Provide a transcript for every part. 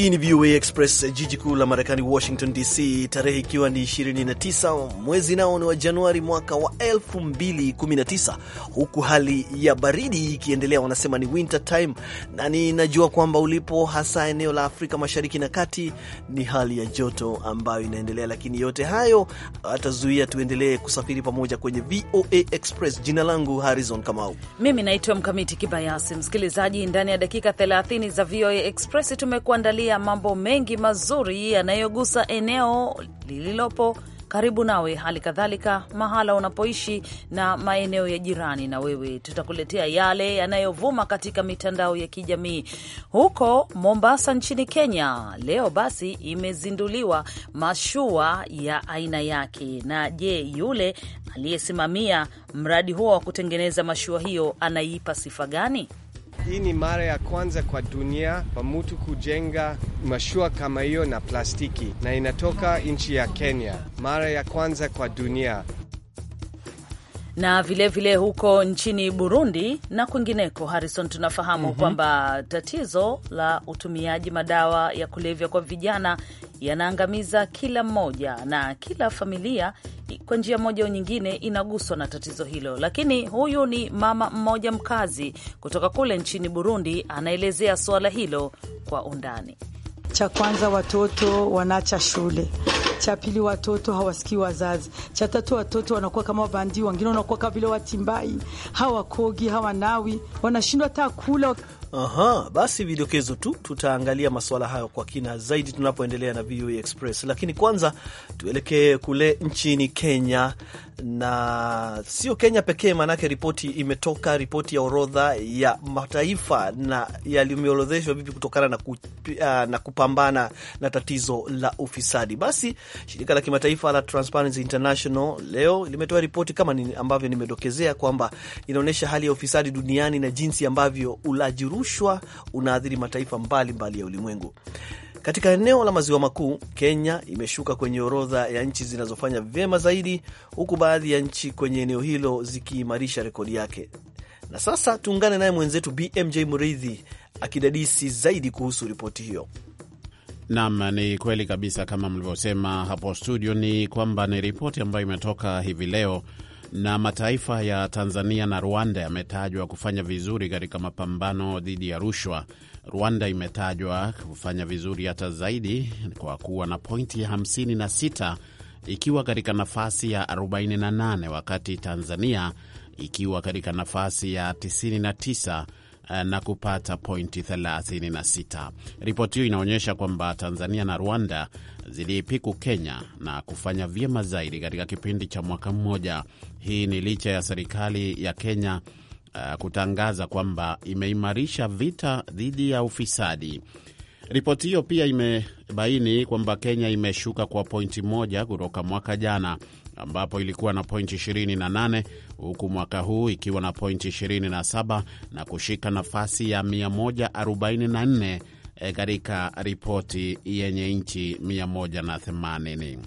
Hii ni VOA Express, jiji kuu la Marekani, Washington DC, tarehe ikiwa ni 29 mwezi nao ni wa Januari mwaka wa 2019, huku hali ya baridi ikiendelea. Wanasema ni winter time, na ninajua kwamba ulipo hasa eneo la Afrika Mashariki na Kati ni hali ya joto ambayo inaendelea, lakini yote hayo atazuia tuendelee kusafiri pamoja kwenye VOA Express. Jina langu Harrison Kamau, mimi naitwa Mkamiti Kibayasi. Msikilizaji, ndani ya dakika 30 za VOA Express tumekuandalia kuandalia mambo mengi mazuri yanayogusa eneo lililopo karibu nawe, hali kadhalika mahala unapoishi na maeneo ya jirani na wewe. Tutakuletea yale yanayovuma katika mitandao ya kijamii. Huko Mombasa nchini Kenya leo basi imezinduliwa mashua ya aina yake. Na je, yule aliyesimamia mradi huo wa kutengeneza mashua hiyo anaipa sifa gani? Hii ni mara ya kwanza kwa dunia kwa mtu kujenga mashua kama hiyo na plastiki, na inatoka nchi ya Kenya, mara ya kwanza kwa dunia. Na vilevile vile huko nchini Burundi na kwingineko, Harrison, tunafahamu mm -hmm. kwamba tatizo la utumiaji madawa ya kulevya kwa vijana yanaangamiza kila mmoja na kila familia kwa njia moja au nyingine inaguswa na tatizo hilo. Lakini huyu ni mama mmoja mkazi kutoka kule nchini Burundi, anaelezea suala hilo kwa undani. Cha kwanza watoto wanaacha shule, cha pili watoto hawasikii wazazi, cha tatu watoto wanakuwa kama wabandi, wengine wanakuwa kama vile watimbai, hawakogi, hawanawi, wanashindwa hata kula. Aha, basi vidokezo tu, tutaangalia masuala hayo kwa kina zaidi tunapoendelea na VOA e Express, lakini kwanza tuelekee kule nchini Kenya, na sio Kenya pekee, maanake ripoti imetoka, ripoti ya orodha ya mataifa na yalimeorodheshwa vipi kutokana na, ku, uh, na kupambana na tatizo la ufisadi. Basi shirika la kimataifa la Transparency International leo limetoa ripoti kama ambavyo nimedokezea kwamba inaonyesha hali ya ufisadi duniani na jinsi ambavyo ulaji rushwa unaathiri mataifa mbalimbali mbali ya ulimwengu. Katika eneo la maziwa makuu, Kenya imeshuka kwenye orodha ya nchi zinazofanya vyema zaidi, huku baadhi ya nchi kwenye eneo hilo zikiimarisha rekodi yake. Na sasa tuungane naye mwenzetu BMJ Mridhi akidadisi zaidi kuhusu ripoti hiyo. Nam, ni kweli kabisa kama mlivyosema hapo studio, ni kwamba ni ripoti ambayo imetoka hivi leo na mataifa ya Tanzania na Rwanda yametajwa kufanya vizuri katika mapambano dhidi ya rushwa. Rwanda imetajwa kufanya vizuri hata zaidi kwa kuwa na pointi 56 ikiwa katika nafasi ya 48 wakati Tanzania ikiwa katika nafasi ya 99 Eh, na kupata pointi 36. Ripoti hiyo inaonyesha kwamba Tanzania na Rwanda ziliipiku Kenya na kufanya vyema zaidi katika kipindi cha mwaka mmoja. Hii ni licha ya serikali ya Kenya uh, kutangaza kwamba imeimarisha vita dhidi ya ufisadi. Ripoti hiyo pia imebaini kwamba Kenya imeshuka kwa pointi moja kutoka mwaka jana ambapo ilikuwa na pointi 28 huku mwaka huu ikiwa na pointi 27 na kushika nafasi ya 144 e, katika ripoti yenye nchi 180.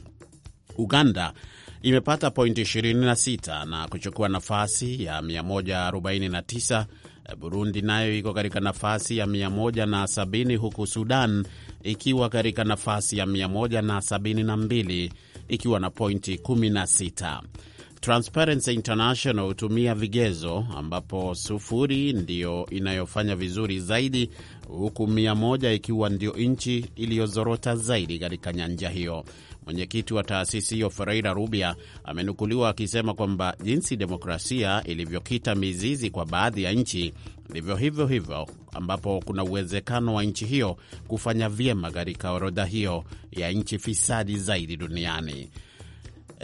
Uganda imepata pointi 26 na kuchukua nafasi ya 149. E, Burundi nayo iko katika nafasi ya 170 huku Sudan ikiwa katika nafasi ya 172 ikiwa na pointi 16. Transparency International hutumia vigezo ambapo sufuri ndiyo inayofanya vizuri zaidi huku mia moja ikiwa ndio nchi iliyozorota zaidi katika nyanja hiyo. Mwenyekiti wa taasisi hiyo Ferreira Rubia amenukuliwa akisema kwamba jinsi demokrasia ilivyokita mizizi kwa baadhi ya nchi ndivyo hivyo hivyo ambapo kuna uwezekano wa nchi hiyo kufanya vyema katika orodha hiyo ya nchi fisadi zaidi duniani.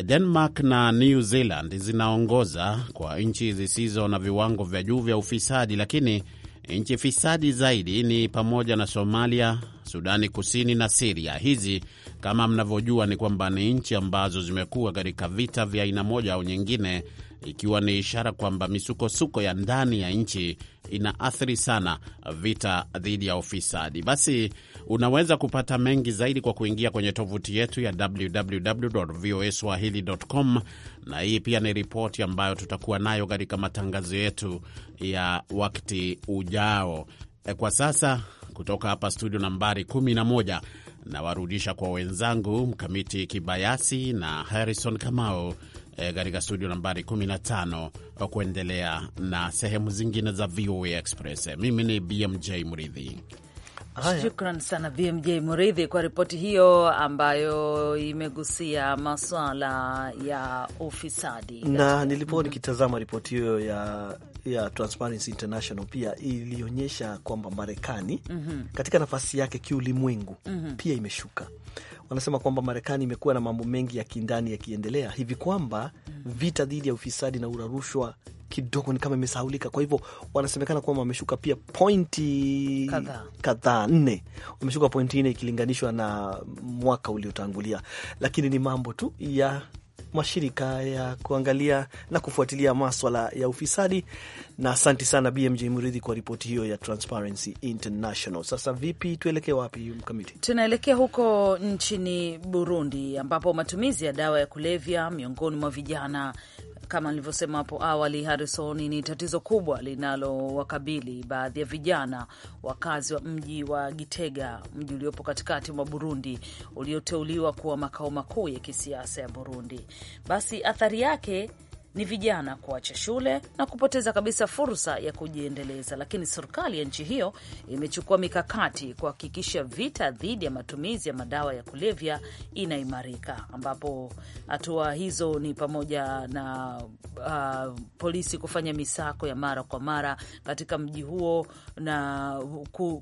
Denmark na New Zealand zinaongoza kwa nchi zisizo na viwango vya juu vya ufisadi, lakini nchi fisadi zaidi ni pamoja na Somalia, Sudani Kusini na Siria. Hizi kama mnavyojua ni kwamba ni nchi ambazo zimekuwa katika vita vya aina moja au nyingine ikiwa ni ishara kwamba misukosuko ya ndani ya nchi inaathiri sana vita dhidi ya ufisadi. Basi unaweza kupata mengi zaidi kwa kuingia kwenye tovuti yetu ya www.voaswahili.com, na hii pia ni ripoti ambayo tutakuwa nayo katika matangazo yetu ya wakati ujao. E, kwa sasa kutoka hapa studio nambari 11 nawarudisha kwa wenzangu Mkamiti Kibayasi na Harrison Kamau Eh, katika studio nambari 15 eh, kuendelea na sehemu zingine za VOA Express. Mimi ni BMJ Mridhi. Shukran sana BMJ Muridhi kwa ripoti hiyo ambayo imegusia maswala ya ufisadi. Na nilipokuwa nikitazama ripoti hiyo ya ya Transparency International pia ilionyesha kwamba Marekani mm -hmm. katika nafasi yake kiulimwengu mm -hmm. pia imeshuka. Wanasema kwamba Marekani imekuwa na mambo mengi ya kindani yakiendelea hivi kwamba mhm. vita dhidi ya ufisadi na urarushwa kidogo ni kama imesahaulika. Kwa hivyo wanasemekana kwamba wameshuka pia pointi kadhaa, nne, wameshuka pointi nne ikilinganishwa na mwaka uliotangulia, lakini ni mambo tu ya mashirika ya kuangalia na kufuatilia maswala ya ufisadi na asanti sana BMJ Mridhi kwa ripoti hiyo ya Transparency International. Sasa vipi, tuelekee wapi mkamiti? Tunaelekea huko nchini Burundi ambapo matumizi ya dawa ya kulevya miongoni mwa vijana kama nilivyosema hapo awali, Harrison, ni tatizo kubwa linalowakabili baadhi ya vijana wakazi wa mji wa Gitega, mji uliopo katikati mwa Burundi ulioteuliwa kuwa makao makuu ya kisiasa ya Burundi. Basi athari yake ni vijana kuacha shule na kupoteza kabisa fursa ya kujiendeleza, lakini serikali ya nchi hiyo imechukua mikakati kuhakikisha vita dhidi ya matumizi ya madawa ya kulevya inaimarika, ambapo hatua hizo ni pamoja na uh, polisi kufanya misako ya mara kwa mara katika mji huo na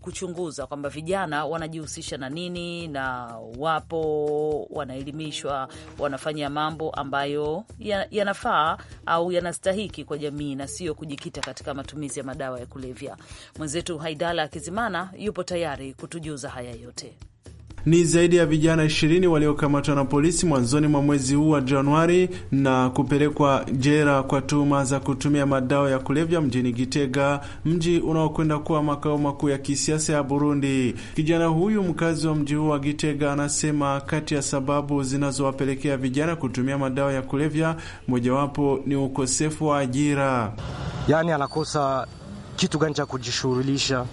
kuchunguza kwamba vijana wanajihusisha na nini, na wapo wanaelimishwa, wanafanya mambo ambayo yanafaa ya au yanastahiki kwa jamii na sio kujikita katika matumizi ya madawa ya kulevya. Mwenzetu Haidala Kizimana yupo tayari kutujuza haya yote. Ni zaidi ya vijana ishirini waliokamatwa na polisi mwanzoni mwa mwezi huu wa Januari na kupelekwa jela kwa tuhuma za kutumia madawa ya kulevya mjini Gitega, mji unaokwenda kuwa makao makuu ya kisiasa ya Burundi. Kijana huyu mkazi wa mji huu wa Gitega anasema kati ya sababu zinazowapelekea vijana kutumia madawa ya kulevya mojawapo ni ukosefu wa ajira. Yani anakosa kitu gani cha kujishughulisha,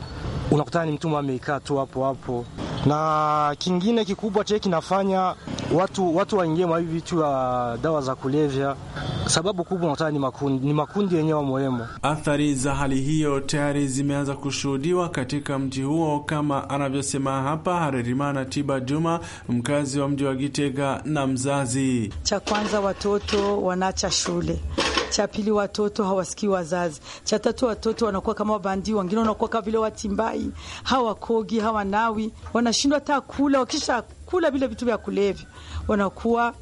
unakutana ni mtu ameikaa tu hapo hapo na kingine kikubwa che kinafanya watu, watu waingie mwa hivi vitu ya dawa za kulevya Sababu kubwa nataka ni makundi, ni makundi yenyewe wamwemo. Athari za hali hiyo tayari zimeanza kushuhudiwa katika mji huo, kama anavyosema hapa Harerimana Tiba Juma, mkazi wa mji wa Gitega na mzazi. Cha kwanza watoto wanaacha shule cha pili watoto hawasikii wazazi. Cha tatu watoto wanakuwa kama wabandi, wengine wanakuwa kama vile watimbai, hawakogi hawanawi, wanashindwa hata kula. Wakisha kula vile vitu vya kulevya wanakuwa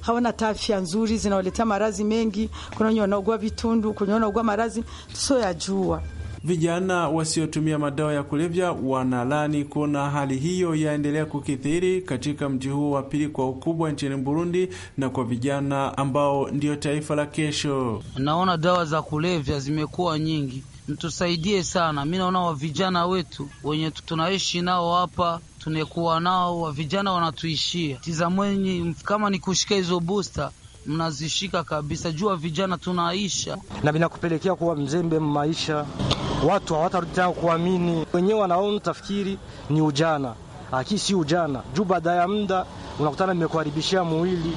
hawana afya nzuri, zinawaletea marazi mengi. Kuna wenye wanaugua vitundu, kuna wanaugua maradhi tusioyajua. Vijana wasiotumia madawa ya kulevya wanalani kuona hali hiyo yaendelea kukithiri katika mji huo wa pili kwa ukubwa nchini Burundi, na kwa vijana ambao ndio taifa la kesho. Naona dawa za kulevya zimekuwa nyingi mtusaidie sana. Mi naona wa vijana wetu wenye tunaishi nao hapa tunekuwa nao wa vijana wanatuishia. tizamwenyi kama ni kushika hizo busta mnazishika kabisa, jua vijana tunaisha na vinakupelekea kuwa mzembe maisha. Watu hawatarudi tena kuamini wenyewe, wanaona tafikiri ni ujana, akii si ujana juu baada ya muda unakutana nimekuharibishia mwili,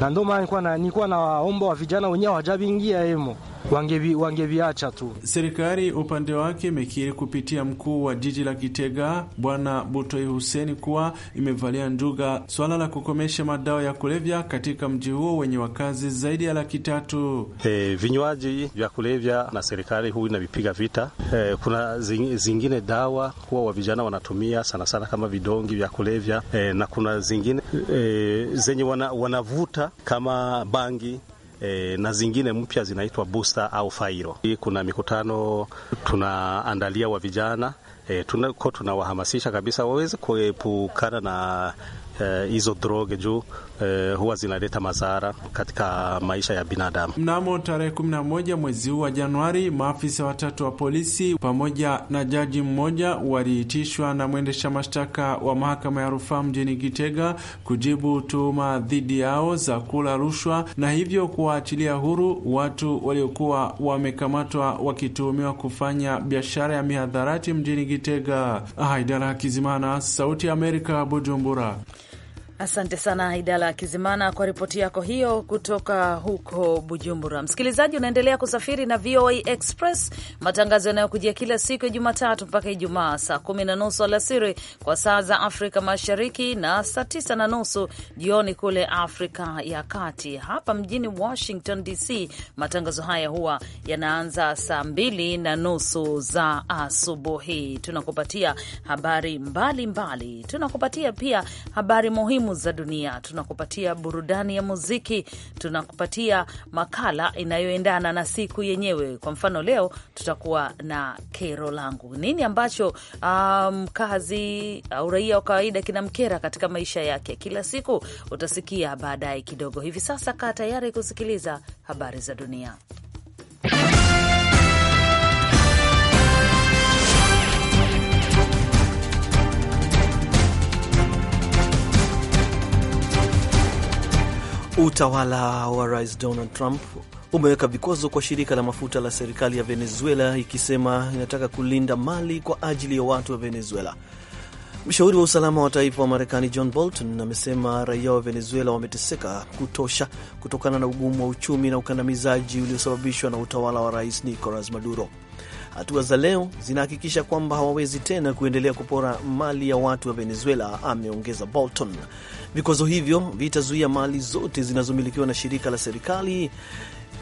na ndio maana nilikuwa naomba wa vijana wenyewe hawajabingia hemo wangeviacha wange tu. Serikali upande wake imekiri kupitia mkuu wa jiji la Kitega Bwana Butoi Huseni kuwa imevalia njuga swala la kukomesha madawa ya kulevya katika mji huo wenye wakazi zaidi ya laki tatu. E, vinywaji vya kulevya na serikali huu inavipiga vita. E, kuna zingine dawa huwa wa vijana wanatumia sana sana kama vidongi vya kulevya e, na kuna zingine e, zenye wana, wanavuta kama bangi e, na zingine mpya zinaitwa booster au fairo. Kuna mikutano tunaandalia wa vijana e, tunako tunawahamasisha kabisa waweze kuepukana na Eh, hizo e, droge juu e, huwa zinaleta madhara katika maisha ya binadamu. Mnamo tarehe 11 mwezi huu wa Januari, maafisa watatu wa polisi pamoja na jaji mmoja waliitishwa na mwendesha mashtaka wa mahakama ya rufaa mjini Gitega kujibu tuhuma dhidi yao za kula rushwa na hivyo kuwaachilia huru watu waliokuwa wamekamatwa wakituhumiwa kufanya biashara ya mihadharati mjini Gitega. Haidara Kizimana, Sauti ya Amerika, Bujumbura. Asante sana Idala Kizimana kwa ripoti yako hiyo kutoka huko Bujumbura. Msikilizaji, unaendelea kusafiri na VOA Express, matangazo yanayokujia kila siku ya Jumatatu mpaka Ijumaa saa kumi na nusu alasiri kwa saa za Afrika Mashariki na saa tisa na nusu jioni kule Afrika ya Kati. Hapa mjini Washington DC matangazo haya huwa yanaanza saa mbili na nusu za asubuhi. Tunakupatia habari mbalimbali mbali. Tunakupatia pia habari muhimu muhimu za dunia, tunakupatia burudani ya muziki, tunakupatia makala inayoendana na siku yenyewe. Kwa mfano, leo tutakuwa na kero langu, nini ambacho mkazi um, au raia wa kawaida kinamkera katika maisha yake kila siku, utasikia baadaye kidogo. Hivi sasa kaa tayari kusikiliza habari za dunia. Utawala wa Rais Donald Trump umeweka vikwazo kwa shirika la mafuta la serikali ya Venezuela ikisema inataka kulinda mali kwa ajili ya watu wa Venezuela. Mshauri wa usalama wa taifa wa Marekani John Bolton amesema raia wa Venezuela wameteseka kutosha kutokana na ugumu wa uchumi na ukandamizaji uliosababishwa na utawala wa Rais Nicolas Maduro. Hatua za leo zinahakikisha kwamba hawawezi tena kuendelea kupora mali ya watu wa Venezuela, ameongeza Bolton. Vikwazo hivyo vitazuia mali zote zinazomilikiwa na shirika la serikali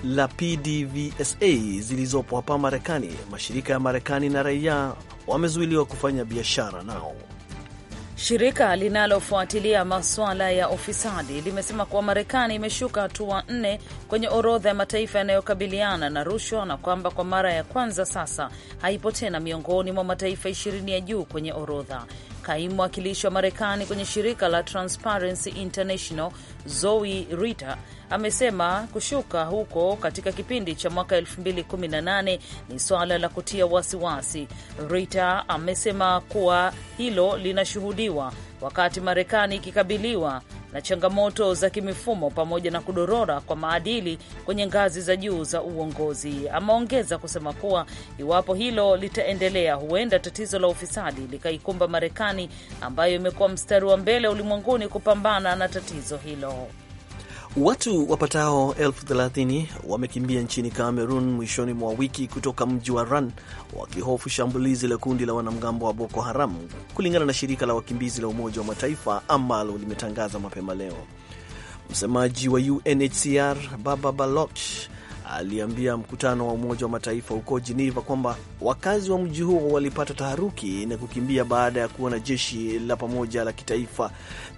la PDVSA zilizopo hapa Marekani. Mashirika ya Marekani na raia wamezuiliwa kufanya biashara nao. Shirika linalofuatilia masuala ya ufisadi limesema kuwa Marekani imeshuka hatua nne kwenye orodha ya mataifa yanayokabiliana na rushwa na kwamba kwa mara ya kwanza sasa haipo tena miongoni mwa mataifa ishirini ya juu kwenye orodha. Kaimu mwakilishi wa Marekani kwenye shirika la Transparency International Zoe Rita amesema kushuka huko katika kipindi cha mwaka 2018 ni swala la kutia wasiwasi. Rita amesema kuwa hilo linashuhudiwa wakati Marekani ikikabiliwa na changamoto za kimifumo pamoja na kudorora kwa maadili kwenye ngazi za juu za uongozi. Ameongeza kusema kuwa iwapo hilo litaendelea, huenda tatizo la ufisadi likaikumba Marekani ambayo imekuwa mstari wa mbele ulimwenguni kupambana na tatizo hilo. Watu wapatao elfu thelathini wamekimbia nchini Cameroon mwishoni mwa wiki kutoka mji wa Ran wakihofu shambulizi la kundi la wanamgambo wa Boko Haram, kulingana na shirika la wakimbizi la Umoja wa Mataifa ambalo limetangaza mapema leo. Msemaji wa UNHCR Baba Baloch aliambia mkutano wa Umoja wa Mataifa huko Jeneva kwamba wakazi wa mji huo walipata taharuki na kukimbia baada ya kuona jeshi la pamoja la kitaifa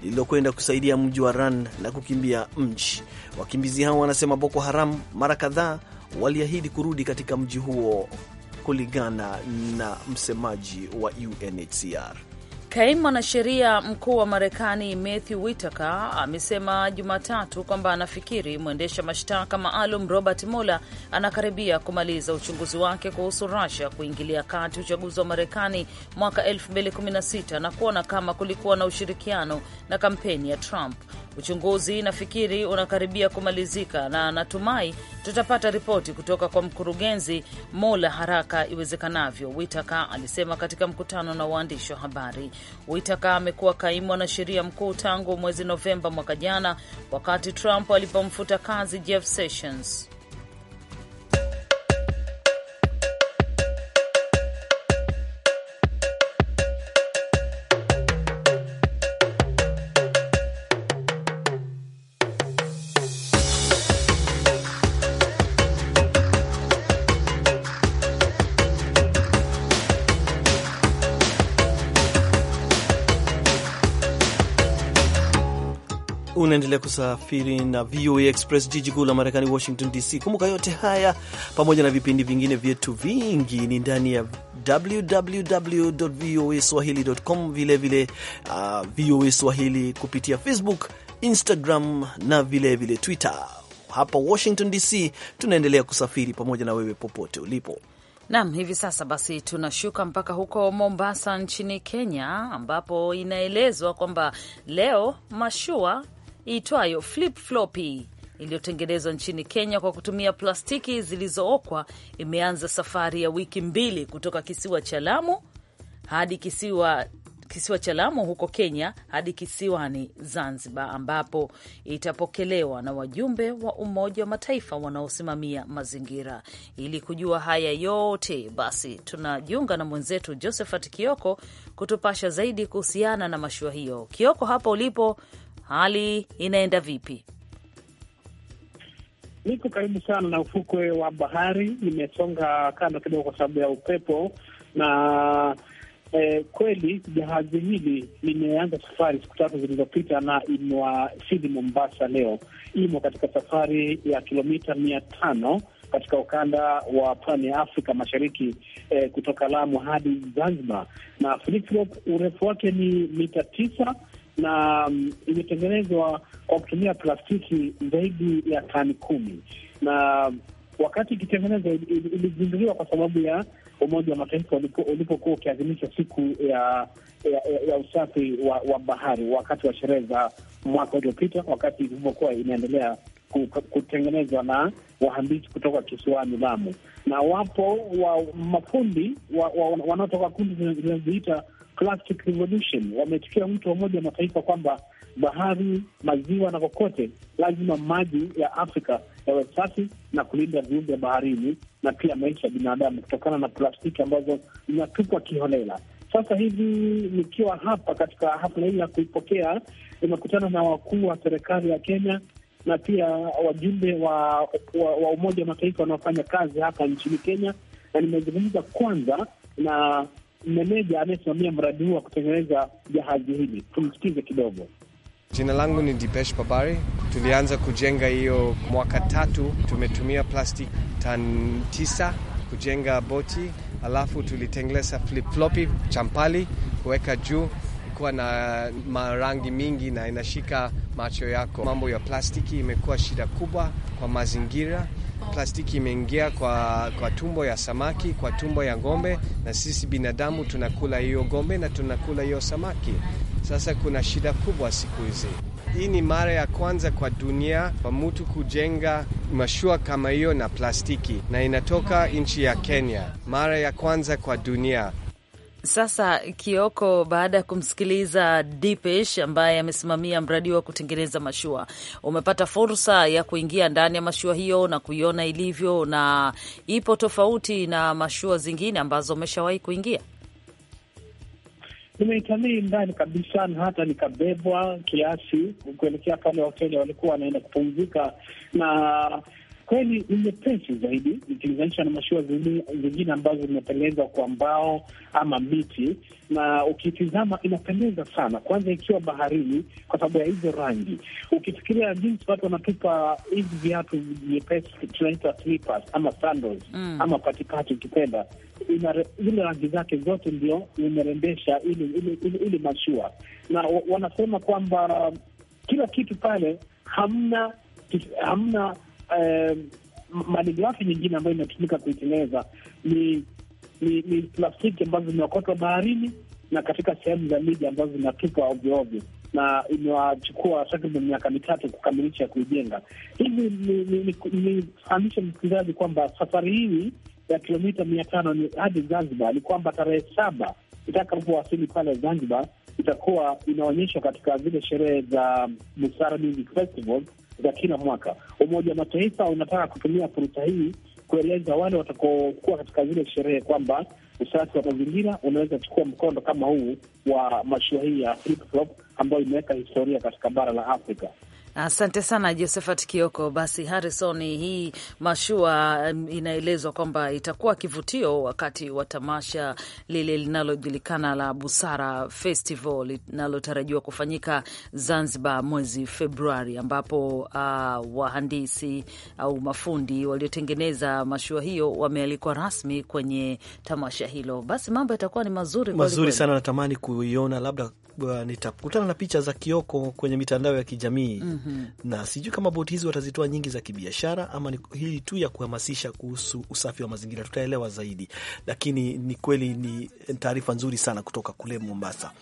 lililokwenda kusaidia mji wa Ran na kukimbia mji. Wakimbizi hao wanasema Boko Haram mara kadhaa waliahidi kurudi katika mji huo, kulingana na msemaji wa UNHCR. Kaimu mwanasheria mkuu wa Marekani Matthew Whitaker amesema Jumatatu kwamba anafikiri mwendesha mashtaka maalum Robert Mueller anakaribia kumaliza uchunguzi wake kuhusu Russia kuingilia kati uchaguzi wa Marekani mwaka 2016 na kuona kama kulikuwa na ushirikiano na kampeni ya Trump. Uchunguzi nafikiri unakaribia kumalizika na natumai tutapata ripoti kutoka kwa mkurugenzi mola haraka iwezekanavyo, Whitaker alisema katika mkutano na waandishi wa habari. Whitaker amekuwa kaimu mwanasheria mkuu tangu mwezi Novemba mwaka jana, wakati Trump alipomfuta kazi Jeff Sessions. Unaendelea kusafiri na VOA Express, jiji kuu la Marekani, Washington DC. Kumbuka yote haya pamoja na vipindi vingine vyetu vingi ni ndani ya www voa swahili.com, vilevile uh, VOA Swahili kupitia Facebook, Instagram na vilevile vile Twitter. Hapa Washington DC tunaendelea kusafiri pamoja na wewe popote ulipo. Nam, hivi sasa basi tunashuka mpaka huko Mombasa nchini Kenya, ambapo inaelezwa kwamba leo mashua iitwayo Flip Floppy iliyotengenezwa nchini Kenya kwa kutumia plastiki zilizookwa imeanza safari ya wiki mbili kutoka kisiwa cha Lamu hadi kisiwa kisiwa cha Lamu huko Kenya hadi kisiwani Zanzibar, ambapo itapokelewa na wajumbe wa Umoja wa Mataifa wanaosimamia mazingira. Ili kujua haya yote, basi tunajiunga na mwenzetu Josephat Kioko kutupasha zaidi kuhusiana na mashua hiyo. Kioko, hapo ulipo, hali inaenda vipi? Niko karibu sana na ufukwe wa bahari, nimesonga kando kidogo kwa sababu ya upepo na Eh, kweli jahazi hili limeanza safari siku tatu zilizopita na imewasili Mombasa leo. Imo katika safari ya kilomita mia tano katika ukanda wa pwani ya Afrika Mashariki eh, kutoka Lamu hadi Zanzibar, na urefu wake ni mita tisa na um, imetengenezwa kwa kutumia plastiki zaidi ya tani kumi na wakati ikitengenezwa ilizinduliwa kwa sababu ya Umoja wa Mataifa ulipokuwa ukiadhimisha siku ya ya, ya usafi wa, wa bahari wakati wa sherehe za mwaka uliopita, wakati ilivyokuwa inaendelea kutengenezwa na wahandisi kutoka kisiwani Lamu, na wapo wa mafundi wanaotoka wa, wa, kundi zinazoita plastic revolution, mtu wa Umoja wa Mataifa kwamba bahari, maziwa na kokote, lazima maji ya Afrika yawe safi na kulinda viumbe baharini na pia maisha ya binadamu kutokana na plastiki ambazo zinatupwa kiholela. Sasa hivi nikiwa hapa katika hafla hii ya kuipokea, imekutana na wakuu wa serikali ya Kenya na pia wajumbe wa, wa, wa Umoja wa Mataifa wanaofanya kazi hapa nchini Kenya, na nimezungumza kwanza na meneja anayesimamia mradi huu wa kutengeneza jahazi hili. Tumsikize kidogo. Jina langu ni Dipesh Babari. Tulianza kujenga hiyo mwaka tatu. Tumetumia plasti tan tisa kujenga boti, alafu tulitengeleza flipflopi champali kuweka juu, ikuwa na marangi mingi na inashika macho yako. Mambo ya plastiki imekuwa shida kubwa kwa mazingira. Plastiki imeingia kwa, kwa tumbo ya samaki, kwa tumbo ya ng'ombe, na sisi binadamu tunakula hiyo ng'ombe na tunakula hiyo samaki. Sasa kuna shida kubwa siku hizi. Hii ni mara ya kwanza kwa dunia kwa mtu kujenga mashua kama hiyo na plastiki, na inatoka nchi ya Kenya, mara ya kwanza kwa dunia. Sasa Kioko, baada ya kumsikiliza Dipesh ambaye amesimamia mradi wa kutengeneza mashua, umepata fursa ya kuingia ndani ya mashua hiyo na kuiona ilivyo na ipo tofauti na mashua zingine ambazo umeshawahi kuingia? Nimeitalii ndani kabisa na hata nikabebwa kiasi kuelekea pale hoteli walikuwa wanaenda kupumzika na kweli ni nyepesi zaidi ikilinganisha na mashua zingine ambazo zimepelezwa kwa mbao ama miti, na ukitizama inapendeza sana, kwanza ikiwa baharini kwa sababu ya hizo rangi. Ukifikiria jinsi watu wanatupa hivi viatu nyepesi tunaita slippers ama sandals, mm. ama patipati ukipenda, zile rangi zake zote ndio zimerembesha ili mashua, na wanasema kwamba kila kitu pale hamna hamna eh, malighafi nyingine ambayo inatumika kuiteleza ni ni, ni plastiki ambazo zimeokotwa baharini na katika sehemu za miji ambazo zinatupwa ovyoovyo, na imewachukua takriban miaka mitatu kukamilisha kuijenga. Hivi nifahamishe msikilizaji kwamba safari hii ya kilomita mia tano ni hadi Zanzibar, ni kwamba tarehe saba itakapowasili pale Zanzibar itakuwa inaonyeshwa katika zile sherehe za Busara Music Festival za kila mwaka. Umoja wa Mataifa unataka kutumia fursa hii kueleza wale watakaokuwa katika zile sherehe kwamba usafi wa mazingira unaweza kuchukua mkondo kama huu wa mashua hii ya ambayo imeweka historia katika bara la Afrika. Asante sana Josephat Kioko. Basi Harrison, hii mashua um, inaelezwa kwamba itakuwa kivutio wakati wa tamasha lile linalojulikana la Busara Festival linalotarajiwa kufanyika Zanzibar mwezi Februari, ambapo uh, wahandisi au mafundi waliotengeneza mashua hiyo wamealikwa rasmi kwenye tamasha hilo. Basi mambo yatakuwa ni mazuri mazuri sana. Natamani kuiona, labda uh, nitakutana na picha za Kioko kwenye mitandao ya kijamii mm. Mm-hmm. na sijui kama boti hizi watazitoa nyingi za kibiashara ama ni hili tu ya kuhamasisha kuhusu usafi wa mazingira, tutaelewa zaidi, lakini ni kweli ni taarifa nzuri sana kutoka kule Mombasa.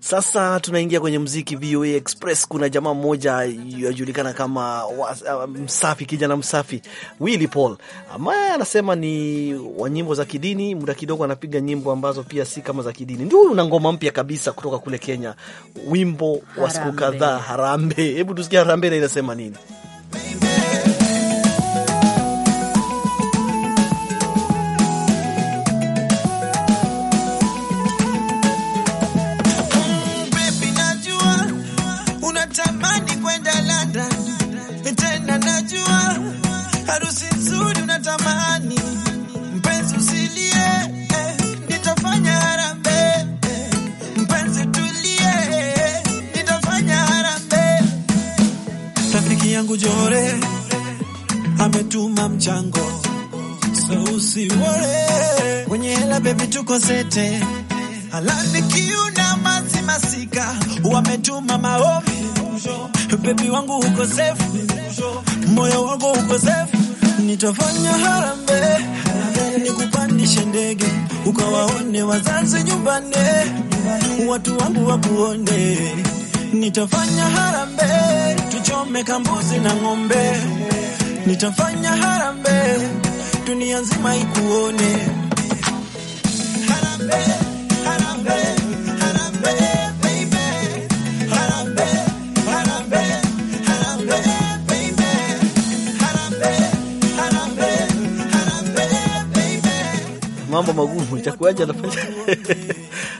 Sasa tunaingia kwenye mziki VOA Express. Kuna jamaa mmoja yajulikana kama uh, msafi, kijana msafi Willy Paul, ambaye anasema ni wa nyimbo za kidini. Muda kidogo anapiga nyimbo ambazo pia si kama za kidini. Ndio una ngoma mpya kabisa kutoka kule Kenya, wimbo wa siku kadhaa, Harambe. Hebu tusikie Harambe na inasema nini? harusi nzuri unatamani, mpenzi usilie, eh, nitafanya harambee eh, mpenzi tulie, eh, nitafanya Rafiki yangu Jore ametuma mchango, so usiwore, wenye hela bebi, tuko sete. mazimasika wametuma maombi, bebi wangu uko safe, moyo wangu safe nitafanya harambee harambe, nikupandishe ndege ukawaone wazazi nyumbani, watu wangu wakuone. Nitafanya harambe tuchome kambuzi na ng'ombe, nitafanya harambe dunia nzima ikuone. mambo magumu, itakuwaje anafanya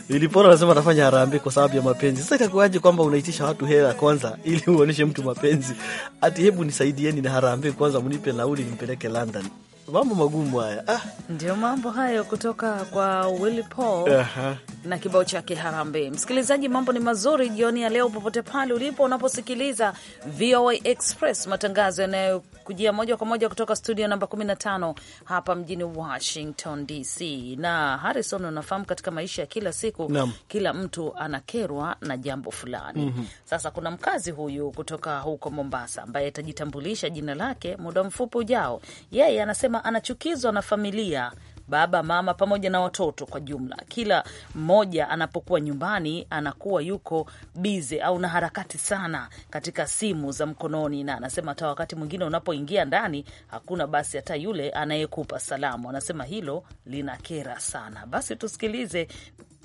Nilipona anasema anafanya harambee kwa sababu ya mapenzi. Sasa itakuwaje kwamba unaitisha watu hela kwanza ili uoneshe mtu mapenzi? Ati hebu nisaidieni na harambee kwanza, mnipe nauli nimpeleke London. Mambo magumu haya. Ah, ndio mambo hayo kutoka kwa Willy Paul. Aha. na kibao chake Harambe. Msikilizaji, mambo ni mazuri jioni ya leo, popote pale ulipo unaposikiliza VOA Express, matangazo yanayo kujia moja kwa moja kutoka studio namba 15 hapa mjini Washington DC. Na Harrison, unafahamu katika maisha ya kila siku Nam. kila mtu anakerwa na jambo fulani mm -hmm. Sasa kuna mkazi huyu kutoka huko Mombasa ambaye atajitambulisha jina lake muda mfupi ujao. Yeye anasema anachukizwa na familia baba, mama pamoja na watoto kwa jumla. Kila mmoja anapokuwa nyumbani anakuwa yuko bize au na harakati sana katika simu za mkononi, na anasema hata wakati mwingine unapoingia ndani hakuna basi hata yule anayekupa salamu. Anasema hilo lina kera sana. Basi tusikilize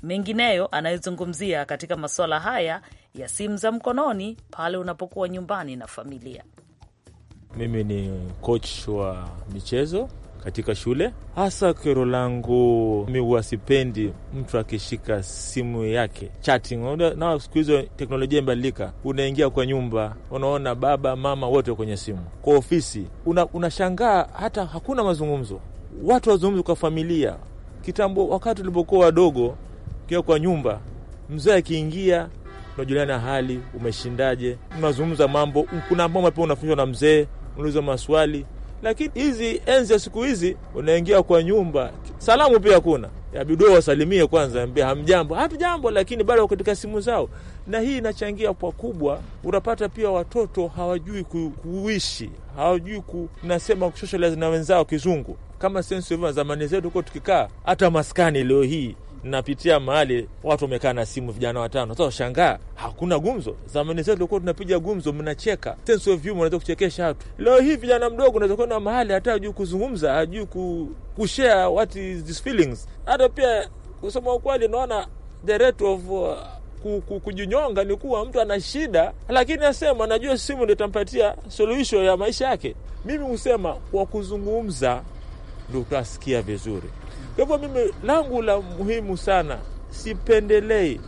mengineyo anayezungumzia katika masuala haya ya simu za mkononi pale unapokuwa nyumbani na familia. Mimi ni coach wa michezo katika shule. Hasa kero langu mi huwasipendi mtu akishika simu yake chatting. Na siku hizo teknolojia imebadilika, unaingia kwa nyumba, unaona baba mama wote kwenye simu, kwa ofisi unashangaa, una hata hakuna mazungumzo, watu wazungumzi kwa familia. Kitambo wakati ulipokuwa wadogo, ukiwa kwa nyumba, mzee akiingia unajuliana hali, umeshindaje, unazungumza mambo. Kuna mambo pia unafunzwa na mzee, unauliza maswali lakini hizi enzi ya siku hizi, unaingia kwa nyumba, salamu pia kuna yabidi wasalimie kwanza, ambia hamjambo, hatujambo, lakini bado wako katika simu zao, na hii inachangia pakubwa. Unapata pia watoto hawajui ku, kuishi hawajui kunasema socialize na wenzao kizungu kama sensi zamani zetu, huko tukikaa hata maskani leo hii napitia mahali watu wamekaa na simu, vijana watano. Sasa washangaa hakuna gumzo. Zamani zetu tulikuwa tunapiga gumzo, mnacheka, sense of humor unaweza kuchekesha watu. Leo hii vijana mdogo unaweza kwenda mahali hata hajui kuzungumza, hajui ku, kushare what is these feelings. Hata pia kusema ukweli, naona the rate of uh, kujinyonga ni kuwa mtu ana shida, lakini asema anajua simu ndio itampatia suluhisho ya maisha yake. Mimi husema kwa kuzungumza ndio utasikia vizuri. Kwa hivyo mimi langu la muhimu sana, sipendelei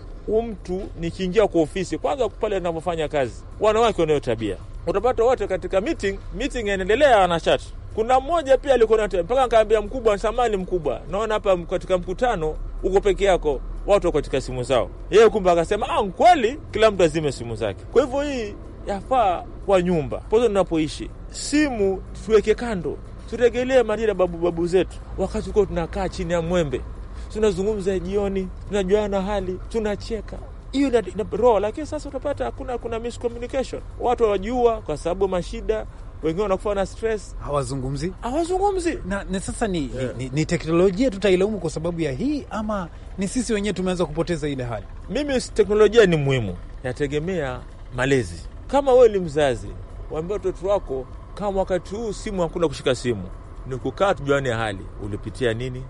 mtu nikiingia kwa ofisi, kwanza pale anavyofanya kazi, wanawake wanayo tabia utapata wote katika meeting meeting inaendelea, chat. Kuna mmoja pia alikuwa na mpaka nikaambia mkubwa, samani mkubwa, naona hapa katika mkutano uko peke yako, watu wako katika simu zao. Yeye kumbe akasema, ah, kweli kila mtu azime simu zake. Kwa hivyo hii yafaa kwa nyumba pozo tunapoishi, simu tuweke kando turegelee majira babu babu zetu, wakati tulikuwa tunakaa chini ya mwembe, tunazungumza jioni, tunajuana hali, tunacheka hiyo ina, ina roho. Lakini sasa utapata hakuna, kuna miscommunication, watu hawajua kwa sababu mashida wengine wanakuwa na stress, hawazungumzi hawazungumzi na, na sasa ni, yeah. ni, ni, ni teknolojia tutailaumu kwa sababu ya hii ama ni sisi wenyewe tumeanza kupoteza ile hali? Mimi teknolojia ni muhimu, nategemea malezi. Kama wewe ni mzazi, waambie watoto wako kama wakati huu simu hakuna kushika simu, ni kukaa tujuane hali, ulipitia nini,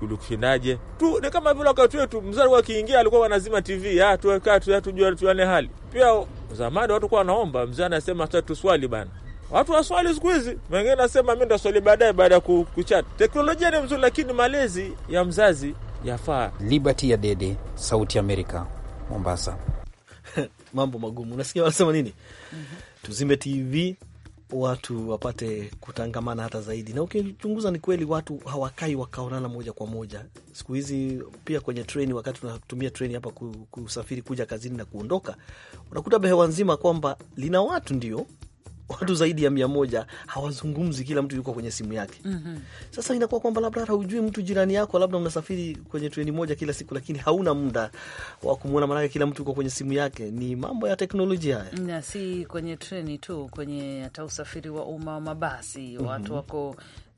ulikushindaje tu. Ni kama vile wakati wetu mzee akiingia alikuwa wanazima TV, ah, tukaa ah, tujuane hali. Pia zamani watu kuwa wanaomba, mzee anasema sasa tuswali bana watu waswali siku hizi, wengine nasema mi ndaswali baadaye, baada ya kuchat. Teknolojia ni mzuri, lakini malezi ya mzazi yafaa. Liberty ya Dede, Sauti Amerika, Mombasa. Mambo magumu, unasikia wanasema nini? mm -hmm. Tuzime TV watu wapate kutangamana hata zaidi. Na ukichunguza ni kweli, watu hawakai wakaonana moja kwa moja siku hizi. Pia kwenye treni, wakati tunatumia treni hapa kusafiri kuja kazini na kuondoka, unakuta behewa nzima kwamba lina watu ndio watu zaidi ya mia moja hawazungumzi, kila mtu yuko kwenye simu yake. mm -hmm. Sasa inakuwa kwamba labda haujui mtu jirani yako, labda unasafiri kwenye treni moja kila siku, lakini hauna muda wa kumwona, maanake kila mtu yuko kwenye simu yake. Ni mambo ya teknolojia haya, na si kwenye treni tu, kwenye hata usafiri wa umma wa mabasi, mhm. watu mm -hmm. wako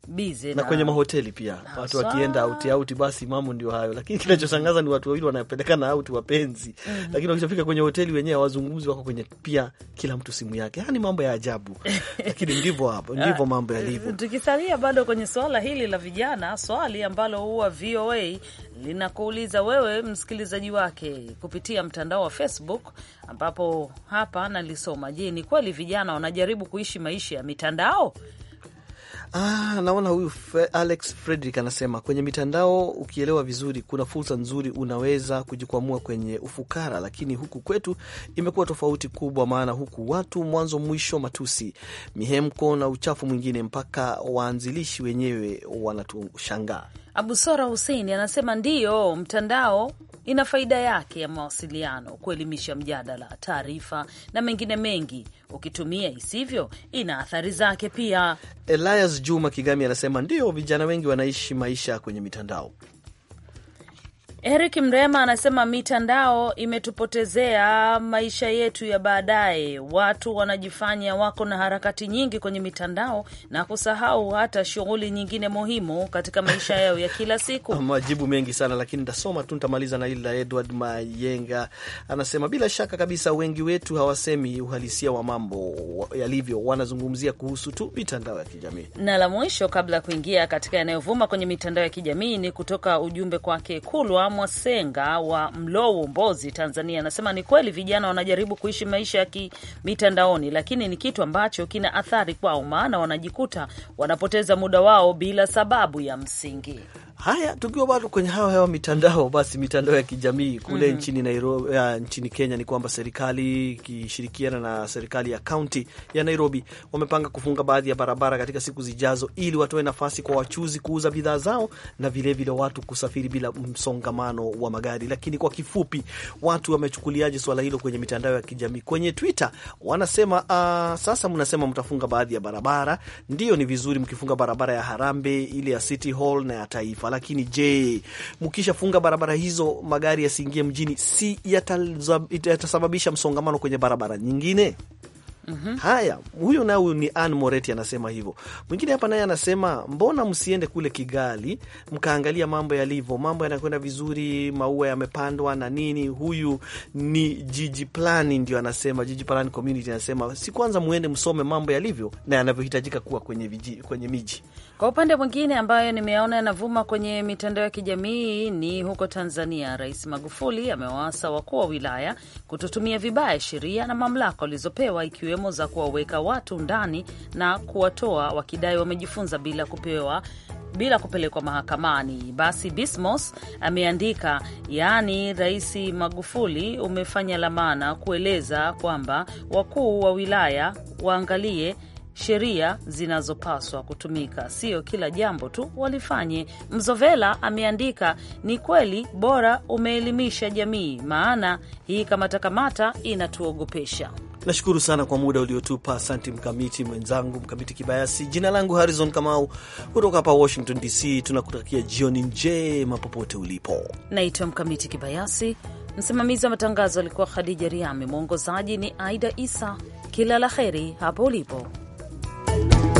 na, na kwenye mahoteli pia na watu wakienda auti auti, basi mambo ndio hayo. Lakini kinachoshangaza ni watu wawili wanapelekana auti wapenzi, mm -hmm. Lakini wakishafika kwenye hoteli wenyewe wazungumzi wako kwenye pia, kila mtu simu yake. Yani mambo ya ajabu, lakini ndivyo hapo ndivyo mambo yalivyo. Tukisalia bado kwenye swala hili la vijana, swali ambalo huwa VOA linakuuliza wewe msikilizaji wake kupitia mtandao wa Facebook, ambapo hapa nalisoma. Je, ni kweli vijana wanajaribu kuishi maisha ya mitandao? Ah, naona huyu Alex Frederick anasema kwenye mitandao, ukielewa vizuri, kuna fursa nzuri, unaweza kujikwamua kwenye ufukara, lakini huku kwetu imekuwa tofauti kubwa, maana huku watu mwanzo mwisho matusi, mihemko na uchafu mwingine, mpaka waanzilishi wenyewe wanatushangaa. Abusora huseini anasema ndiyo, mtandao ina faida yake ya mawasiliano, kuelimisha, mjadala, taarifa na mengine mengi. Ukitumia isivyo, ina athari zake pia. Elias Juma Kigami anasema ndiyo, vijana wengi wanaishi maisha kwenye mitandao. Eric Mrema anasema mitandao imetupotezea maisha yetu ya baadaye. Watu wanajifanya wako na harakati nyingi kwenye mitandao na kusahau hata shughuli nyingine muhimu katika maisha yao ya kila siku. Majibu mengi sana, lakini ntasoma tu, ntamaliza na hili la Edward Mayenga. Anasema bila shaka kabisa, wengi wetu hawasemi uhalisia wa mambo yalivyo, wanazungumzia kuhusu tu mitandao ya kijamii. Na la mwisho kabla ya kuingia katika yanayovuma kwenye mitandao ya kijamii ni kutoka ujumbe kwake Kulwa Mwasenga wa Mlowo, Mbozi, Tanzania, anasema ni kweli vijana wanajaribu kuishi maisha ya mitandaoni, lakini ni kitu ambacho kina athari kwao, maana wanajikuta wanapoteza muda wao bila sababu ya msingi. Haya, tukiwa bado kwenye hao hewa mitandao, basi mitandao ya kijamii kule mm -hmm. nchini ya, nchini Kenya ni kwamba serikali ikishirikiana na serikali ya kaunti ya Nairobi wamepanga kufunga baadhi ya barabara katika siku zijazo, ili watoe nafasi kwa wachuzi kuuza bidhaa zao na vilevile vile watu kusafiri bila msongamano wa magari. Lakini kwa kifupi, watu wamechukuliaje swala hilo kwenye mitandao ya kijamii? Kwenye Twitter wanasema uh, sasa mnasema mtafunga baadhi ya barabara, ndio ni vizuri mkifunga barabara ya Harambe, ile ya City Hall na ya Taifa lakini je, mkishafunga barabara hizo magari yasiingie mjini, si yatasababisha msongamano kwenye barabara nyingine? Mm -hmm. Haya, huyu naye huyu ni Ann Moreti anasema hivyo. Mwingine hapa naye anasema mbona msiende kule Kigali mkaangalia mambo yalivyo, mambo yanakwenda vizuri, maua yamepandwa na nini. Huyu ni jiji plani, ndio anasema jiji plani community anasema si kwanza muende msome mambo yalivyo na yanavyohitajika kuwa kwenye viji, kwenye miji. Kwa upande mwingine ambayo nimeona yanavuma kwenye mitandao ya kijamii ni huko Tanzania. Rais Magufuli amewaasa wakuu wa wilaya kutotumia vibaya sheria na mamlaka walizopewa ikiwemo za kuwaweka watu ndani na kuwatoa wakidai wamejifunza bila kupewa bila kupelekwa mahakamani. Basi Bismos ameandika, yaani Rais Magufuli umefanya la maana kueleza kwamba wakuu wa wilaya waangalie sheria zinazopaswa kutumika, sio kila jambo tu walifanye. Mzovela ameandika, ni kweli bora umeelimisha jamii, maana hii kamatakamata inatuogopesha. Nashukuru sana kwa muda uliotupa. Asanti Mkamiti mwenzangu, Mkamiti Kibayasi. Jina langu Harrison Kamau kutoka hapa Washington DC, tunakutakia jioni njema popote ulipo. Naitwa Mkamiti Kibayasi. Msimamizi wa matangazo alikuwa Khadija Riami, mwongozaji ni Aida Isa. Kila la heri hapo ulipo. I you.